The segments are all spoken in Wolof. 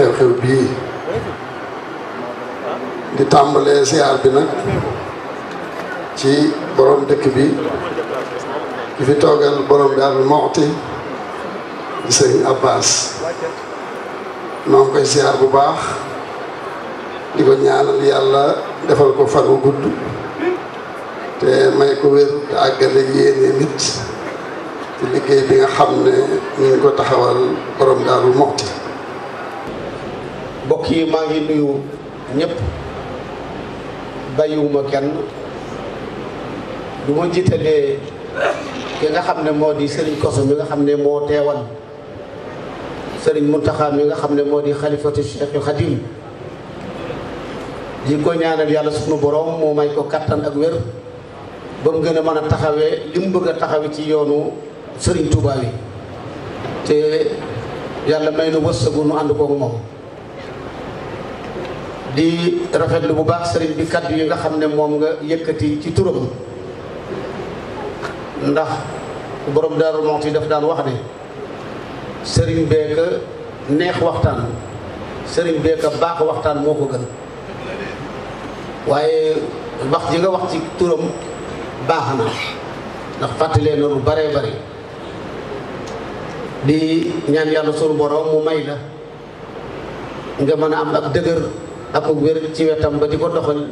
xew-xew bii di tàmbalee siyaar bi nag ci borom dëkk bi ki fi toogal borom daal moxti di sëñ Abbas noo ngi koy siyaar bu baax di ko ñaanal yàlla defal ko fan wu gudd te may ko wér te àggale yéene nit ci liggéey bi nga xam ne ñu ngi ko taxawal borom daal moxti bokk yi maa ngi nuyu ñëpp bàyyiwuma kenn du ma jiitalee ki nga xam ne moo di sëriñ Koso mi nga xam ne moo teewal sëriñ Muntaxa mi nga xam ne moo di xalifatu Cheikh yi di ko ñaanal yàlla sunu borom moo may ko kàttan ak wér ba mu gën a mën a taxawee li mu bëgg a taxawee ci yoonu sëriñ Touba wi te yàlla may nu wërsëgu nu ànd kooku moom di rafetlu bu baax sëriñ bi kaddu yi nga xam ne moom nga yëkkati ci turam ndax boroom borom Daaru Muxti daf daan wax ne sëriñ bee ka neex waxtaan sëriñ bee ka baax waxtaan moo ko gën waaye wax ji nga wax ci turam baax na ndax fàttalee na lu baree bari di ñaan yàlla sunu borom mu may la nga mën a am ak dëgër ak wér ci wetam ba di ko doxal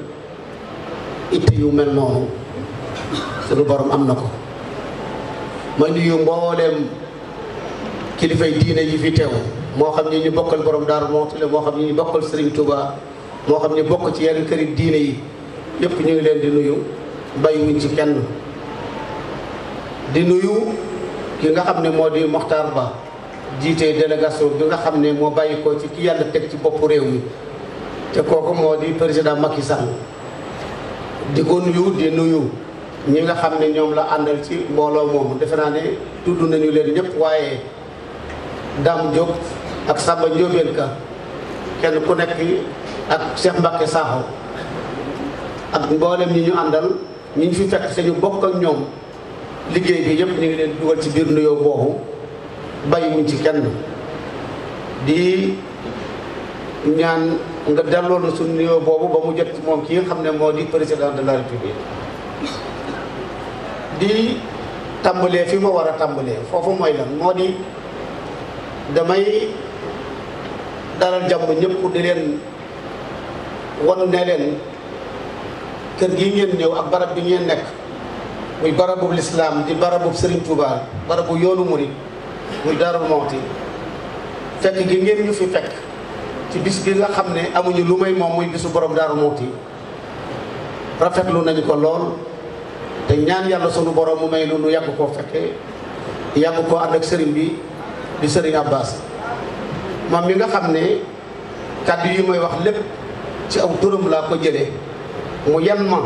itte yu mel noonu suñu borom am na ko ma nuyu mbooleem kilifay diine yi fi teew moo xam ni ñu bokkal borom Daaru moo xam ni ñu bokkal Serigne Touba moo xam ni bokk ci yenn këri diine yi yépp ñu ngi leen di nuyu bàyyiwuñ ci kenn di nuyu ki nga xam ne moo di Moxtaar Ba jiite délégation bi nga xam ne moo bàyyi ko ci ki yàlla teg ci boppu réew mi te kooku moo di président Macky Sall di ko nuyu di nuyu ñi nga xam ne ñoom la àndal ci mbooloo moomu defe naa ne tudd nañu leen ñëpp waaye Dame Diop ak Samba Ndiobène Ka kenn ku nekk ak Cheikh Mbacke Sakho ak mboolem ñi ñu àndal ñu ñu fi fekk te ñu bokk ak ñoom liggéey bi yëpp ñu ngi leen dugal ci biir nuyoo boobu bàyyiwuñ ci kenn di ñaan. nga delloo su suñu boobu ba mu jot moom kii nga xam ne moo di président de la république di tàmbalee fi ma war a tàmbalee foofu mooy lan moo di damay dalal jàmm ñépp di leen wan ne leen kër gi ngeen ñëw ak barab bi ngeen nekk muy barabu lislaam di barabu Serigne Touba barabu yoonu murid muy Darou Mouhty fekk gi ngeen ñu fi fekk ci bis bi nga xamne amuñu lu may moom muy bisu borom kolon rafet lu nañ ko lol te ñaan yalla sunu borom mu may lu nu yàgg ko fekke ko and ak serigne bi di serigne Abbas mom mi nga xamne ne yi may wax lepp ci aw turum la ko jëlee mu yan ma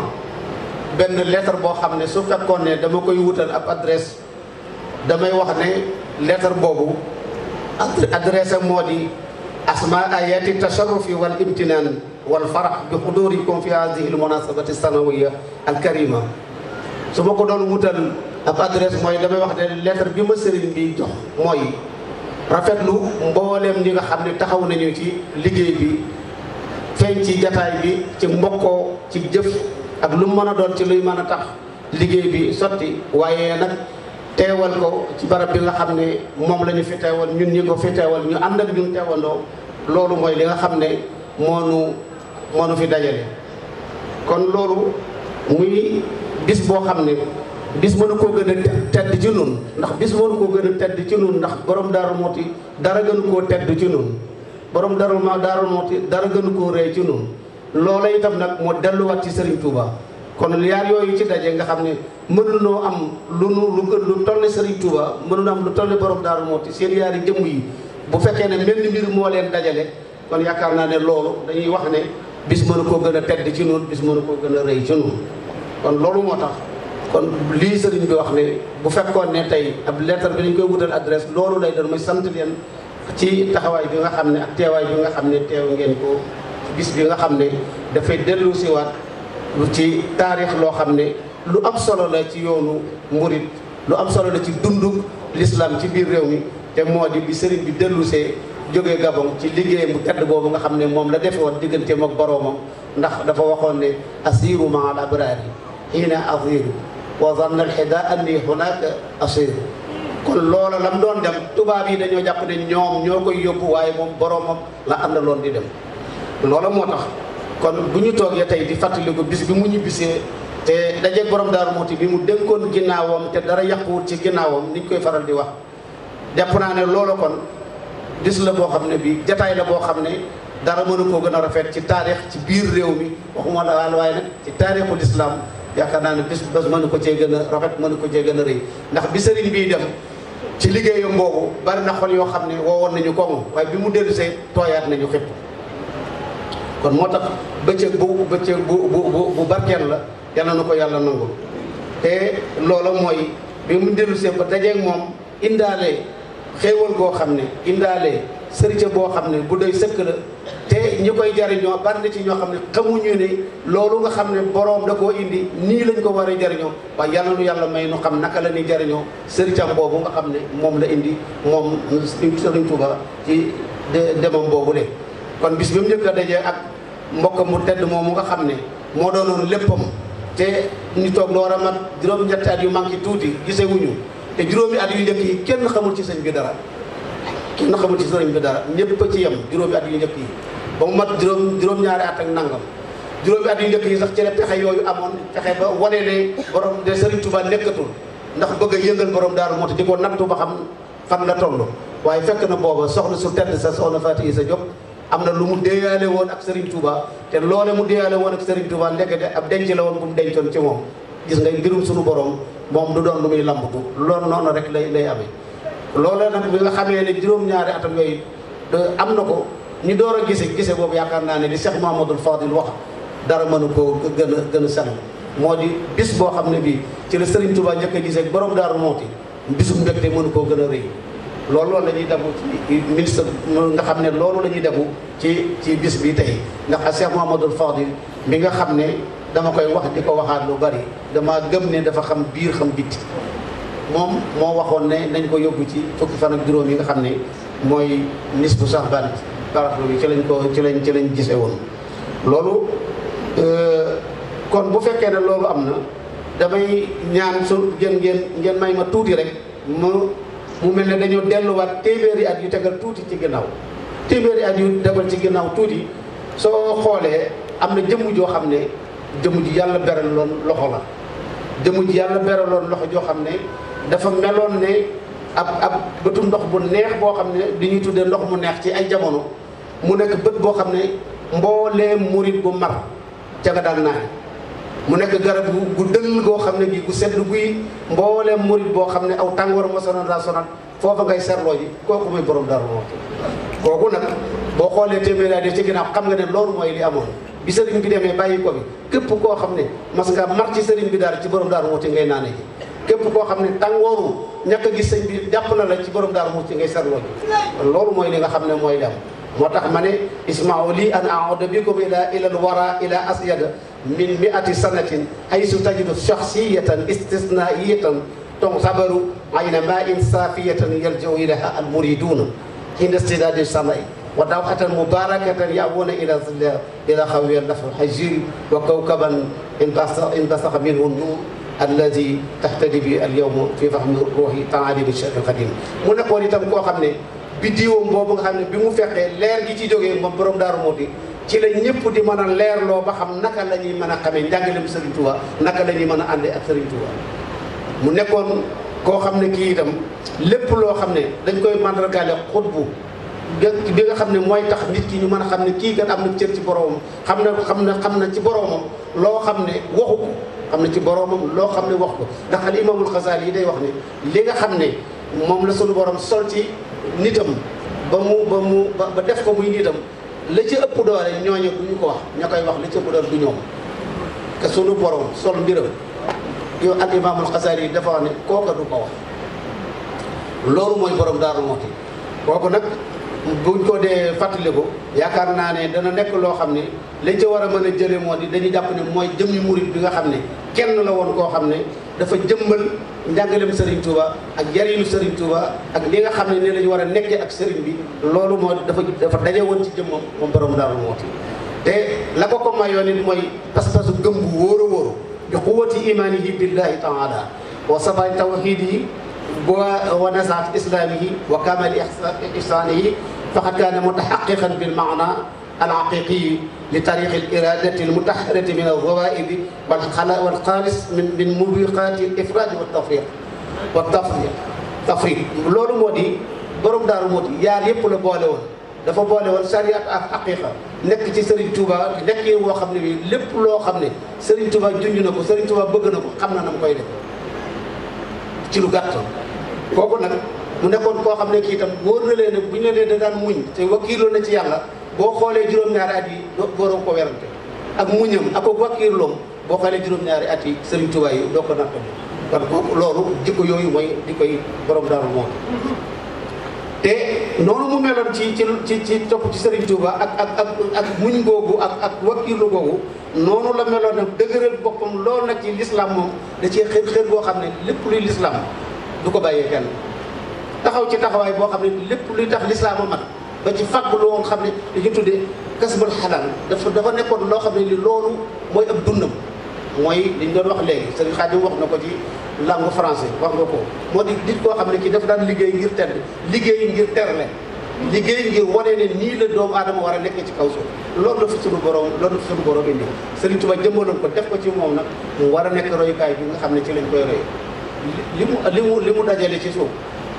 benn lettre bo xamne su fekkone dama koy wutal ab adresse damay wax ne lettre bobu adresse modi أسماء آيات التشرف والامتنان والفرح بحضوركم في هذه المناسبة السنوية الكريمة سما كدون موتال أقدرس موي دمي واحد اللتر بمسرين بيجوخ موي رفت لو مبولم نيغا خامل تخاو نيوتي لجي بي فين تي بي تي مبوكو تي جف أك لو مانا دون تي سطي وايه نك téwal ko ci barab bi nga xamné mom lañu fi téwal ñun ñi ko loolu mooy li nga xam ne moo nu moo nu fi dajale kon loolu muy bis boo xam ne bis mënu koo gën a tedd ci nun ndax bis mënu koo gën a tedd ci nun ndax borom Daaru Muxti dara gën koo tedd ci nun borom Daaru ma Daaru Muxti dara gënu koo rëy ci nun loola itam nag moo delluwaat ci Serigne Touba kon yaar yooyu ci daje nga xam ne mënunoo am lu nu lu lu toll Serigne Touba mënunoo am lu toll borom Daaru Muxti seen yaari jëmm yi bu fekkee ne mel ni mbir moo leen dajale kon yaakaar naa ne loolu dañuy wax ne bis mën a koo gën a tedd ci noonu bis mën a koo gën a rëy ci noonu kon loolu moo tax kon lii sëriñ bi wax ne bu fekkoon ne tey ab lettre bi dañ koy wutal adresse loolu lay doon mooy sant leen ci taxawaay bi nga xam ne ak teewaay bi nga xam ne teew ngeen ko bis bi nga xam ne dafay dellu siwaat lu ci taarix loo xam ne lu am solo la ci yoonu murit lu am solo la ci dundug l'islam ci biir réew mi te moo di bi sëriñ bi dellusee jógee Gabon ci liggéey mu tedd boobu nga xam ne moom la defe woon digganteem boroomam ndax dafa waxoon ne asiru ma al abraari hiina asiru wa zanna alxida anni kon loola lam doon dem tubaab yi dañoo jàpp ne ñoom ñoo koy yóbbu waaye moom boroomam la àndaloon di dem loola moo tax kon bu ñu toogee tey di fàttaliku bis bi mu ñibbisee te dajeeg borom Daaru Muxti bi mu dénkoon ginnaawam te dara yàquwut ci ginnaawam niñ koy faral di wax jàpp naa ne loolu kon gis la boo xam ne bii jataay la boo xam ne dara mënu koo gën a rafet ci taarix ci biir réew mi waxuma la daal waaye ci taarixu lislaam yaakaar naa ne bis bés mënu ko cee gën a rafet mënu ko cee gën a rëy ndax bi sëriñ bii dem ci liggéeyam boobu bari na xol yoo xam ne wowoon nañu koŋŋ waaye bi mu dellusee tooyaat nañu xëpp kon moo tax bëccëg bu bëccëg bu bu barkeel la yàlla na ko yàlla nangul te loola mooy bi mu dellusee ba dajeeg moom indaale. xéewal goo xam ne indaale sërite boo xam ne bu doy sëkk la te ñi koy jariñoo bari na ci ñoo xam ne xamuñu ne loolu nga xam ne boroom da koo indi nii lañ ko war a jariñoo waaye yàlla nu yàlla may nu xam naka la ñuy jariñoo sëritam boobu nga xam ne moom la indi moom Sëriñ Tuuba ci demam boobu le kon bis bi mu njëkk dajee ak mbokk mu tedd moomu nga xam ne moo doon doonoon léppam te ñu toog loo war a mat juróom-ñetti at yu manqué tuuti gisewuñu te juróomi at yu njëkk yi kenn xamul ci sëñ bi dara kenn xamul ci sëñ bi dara ñëpp ci yem juróomi at yu njëkk yi ba mu mat juróom juróom-ñaari at ak nangam juróomi at yu njëkk yi sax ci la yooyu amoon pexe ba wane ne borom de Serigne Touba nekkatul ndax bëgg yëngal borom daaru moo tax di ko nattu ba xam fan la toll waaye fekk na booba soxna su tedd sa soxna Fatou Issa Diop am na lu mu déyaale woon ak Serigne Touba te loole mu déyaale woon ak Serigne Touba ndekete ab denc la woon bu mu dencoon ci moom gis nga mbirum suñu borom moom lu doon lu muy lambatu loolu noonu rek lay lay amee. loolee nag bi nga xamee ne juróom atam yooyu am na ko ñu door a gise gise yaakaar naa ne li Cheikh Mouhamadoul Fadil wax dara mënu koo gën gën a sell moo di bis boo xam ne bii ci la Serigne Touba njëkk a gisee borom Daaru Muxti bisum mbégte mënu koo gën a rëy loolu la ñuy demu ci ministre nga xam ne loolu la ñuy demu ci ci bis bi tey ndax Cheikh Mouhamadoul Fadil mi nga xam ne dama koy wax di ko waxaat lu bari dama gëm ne dafa xam biir xam bitti moom moo waxoon ne nañ ko yóbbu ci fukki fan ak juróom yi nga xam ne mooy nisfu Sa'ban baraxlu bi ci lañ ko ci lañ ci lañ woon loolu euh, kon bu fekkee ne loolu am na damay ñaan su gën ngeen ngeen may ma tuuti rek mu mu mel ne dañoo delluwaat téeméeri at yu tegal tuuti ci ginnaaw téeméeri at yu tegal ci ginnaaw tuuti soo xoolee am na jëmm joo xam ne jëmu ji yàlla beraloon loxo la jëmu ji yàlla beraloon loxo joo xam ne dafa meloon ne ab ab bëtu ndox bu neex boo xam ne di ñuy tuddee ndox mu neex ci ay jamono mu nekk bët boo xam ne mboolee murit bu mar ca nga daan naan mu nekk garab gu gu dëll goo xam ne gi gu sedd guy mboolee murit boo xam ne aw tàngoor ma sonal daa sonal foofa ngay serloo ji kooku muy borom dara moo kooku nag boo xoolee téeméer ci ginnaaw xam nga ne loolu mooy li amoon bi sëriñ bi demee bàyyi ko bi képp koo xam ne mas nga mar ci sëriñ bi daal ci borom daaru muuti ngay naane ji képp koo xam ne tàngooru ñàkk a gis sëñ bi jàpp na la ci borom daaru muuti ngay sarloo ji loolu mooy li nga xam ne mooy dem moo tax ma ne ismao lii an aoda bikum ila ilal wara ila asyada min miati sanatin haysu tajidu shaxsiyatan istisnaiyatan ton sabaru ayna ma in saafiyatan yaljaw ilaha al muriduuna inda stidadi sanai ودوحة مباركة يأوون إلى ظل إلى خوي الله الحجير وكوكبا انبثق منه النور الذي تهتدي به اليوم في فهم روحي تعالي بالشرق القديم. من قولي تم كو خامني بيديو بوم خامني بيمو فخ لير جي تي جوغي مام بروم دار مودي تي لا نيب دي مانا لير لو با خام ناكا لا ني مانا خامي نجاغلم سيرن توا ناكا لا ني مانا اندي اك سيرن توا مو نيكون كو خامني كي تام لب لو خامني دنج كوي مانرغالي خطبه bi nga xam ne mooy tax nit ki ñu mën a xam ne kii kat am na cër ci boroomam xam na xam na xam na ci boroomam loo xam ne waxu ko xam na ci boroomam loo xam ne wax ko ndax al imaamul Xasaali day wax ne li nga xam ne moom la sunu borom sol ci nitam ba mu ba mu ba def ko muy nitam la ci ëpp doole ñooñu bu ñu ko wax ña koy wax la ci ëpp doole du te sunu borom sol mbiram yow al imaamul yi dafa wax ne kooka loolu mooy borom Daaru Muxti kooku nag. buñ ko dee fàttaliku yaakaar naa ne dana nekk loo xam ne lañ ca war a mën a jële moo di dañuy jàpp ne mooy jëmmi murit bi nga xam ne kenn la woon koo xam ne dafa jëmmal njàngalem Serigne Touba ak jariñu Serigne Touba ak li nga xam ne ni lañu war a nekkee ak Serigne bi loolu moo dafa dafa daje woon ci jëmmam moom borom Daaru Muxti te la ko ko mayoon it mooy pas-pasu gëm bu wóor a wóor di xuwati imaani yi billahi taala wa sabay tawxiid yi ونزعت إسلامه وكمل إحسانه فقد كان متحققا بالمعنى الحقيقي لتاريخ الإرادة المتحرة من الغوائب والخالص من من موبقات الإفراد والتفريق والتفريق تفريق لور مودي بروم دار مودي يا ليب لو بولون دا فا بولون شريعه الحقيقه نك سي سيرن توبا نك يو خامني ليب لو خامني سيرن توبا جوني نكو سيرن توبا بغنكو خامنا نام كوي ديف ci lu gàtt kooku nag mu nekkoon koo xam ne kii itam wóor na leen ne bu ñu la nee da daan muñ te wakkiirloo na ci yàlla boo xoolee juróom-ñaari at yi doo waroo ko werante ak muñam ak ko wakkiirloom boo xoolee juróom-ñaari at yi Sëriñ Tuubaa yi doo ko natt kon kooku loolu jikko yooyu mooy di koy borom daaru moom te noonu mu meloon ci ci ci ci topp ci Serigne Touba ak ak ak ak muñ googu ak ak wakkilu googu noonu la meloon nag dëgëral boppam loolu nag ci lislaam moom da cee xër xër boo xam ne lépp luy lislaam du ko bàyyee kenn taxaw ci taxawaay boo xam ne lépp luy tax lislaam a ba ci fàgg loo xam ne dañu tuddee kasbul xalaal dafa dafa nekkoon loo xam ne ni loolu mooy ak dundam mooy li ñu doon wax léegi sëriñ Xaadim wax na ko ci langue français wax nga ko moo di nit koo xam ne kii dafa daan liggéey ngir tedd liggéey ngir terle liggéey ngir wane ne nii la doomu aadama war a nekk ci kaw suuf loolu la fi suñu borom loolu la fi suñu borom indi sëriñ Tuba ko def ko ci moom nag mu war a nekk bi nga xam ne ci lañ koy roy li mu li mu li mu dajale ci suuf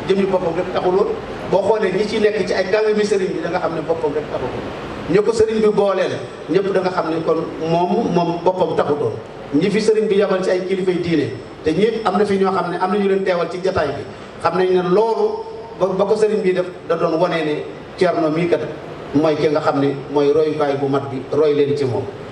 jëmmi boppam rek taxul woon boo xoolee ñi ci nekk ci ay kàngami sëriñ bi da xam ne boppam rek taxul ko sëriñ bi booleel ñëpp da nga xam ne kon moom moom boppam taxutoon ñi fi sëriñ bi yabal ci ay kilifay diine te ñëpp am na fi ñoo xam ne am na ñu leen teewal ci jataay bi xam nañ ne loolu ba ko sëriñ bi def da doon wane ne Ceerno mii kat mooy ki nga xam ne mooy royukaay bu mat bi roy leen ci moom